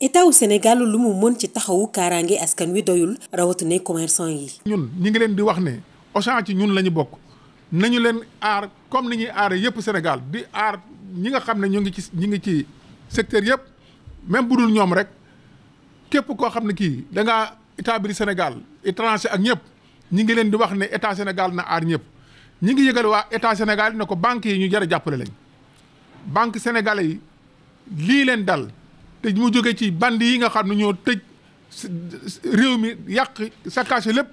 état wu Sénégal lu mu mën ci taxawu kaaraange askan wi doyul rawatina commerçant yi. ñun ñi ngi leen di wax ne Auchan ci ñun la bokk nañu leen aar comme ni ñuy aaree yëpp Sénégal di aar ñi nga xam ne ñu ngi ci ñu ngi ci secteur yëpp même bu dul ñoom rek képp koo xam ne kii danga ngaa état bi di Sénégal étranger ak ñëpp ñi ngi leen di wax ne état Sénégal na aar ñëpp. ñu ngi yëgal waa état Sénégal ne ko banques yi ñu jar a jàppale lañ banque sénégalais yi lii leen dal te mu jóge ci band yi nga xam ne ñoo tëj réew mi yàq saccagé lépp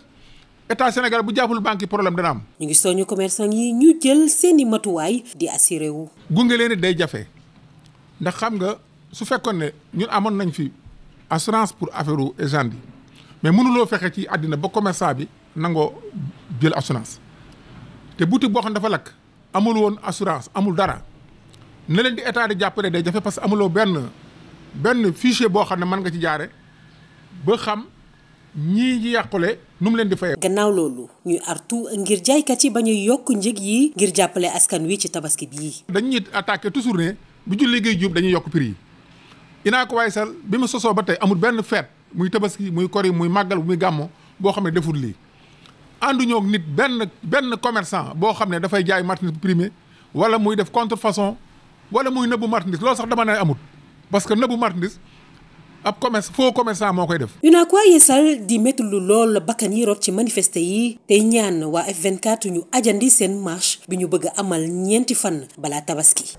état Sénégal bu jàppul banque yi problème dana am. ñu ngi soñu commerçant yi ñu jël seeni matuwaay di assuré wu. gunge leen day jafe ndax xam nga su fekkoon ne ñun amoon nañ fi assurance pour affaire u mais mënuloo fexe ci àddina ba commerçant bi nangoo jël assurance. te boutique boo xam dafa lakk amul woon assurance amul dara ne leen di état di jàppale day jafe parce que amuloo benn benn fichier boo xam ne man nga ci jaare ba xam ñii ñi yàqule nu mu leen di fayee. gannaaw loolu ñuy artu ngir jaaykat yi ba ñuy yokk njëg yi ngir jàppale askan wi ci tabaski bii. dañuy attaqué toujours ne bu julli gi jub dañuy yokk prix yi inaa ko waaye sal bi mu sosoo ba tey amul benn feet muy tabaski muy kori muy màggal muy gàmmu boo xam ne deful lii. ànduñoo ak nit benn benn commerçant boo xam ne dafay jaay marchandise primé wala muy def contrefaçon wala muy nëbbu marchandise loolu sax dama ne amut parce que nëbbu marchandise ab commerce foo commerçant moo koy def. UNACOIS Yessal di métti lool la bakkan yi rot ci manifester yi tey ñaan waa F24 ñu ajandi seen marche bi ñu bëgg amal ñeenti fan balaa tabaski.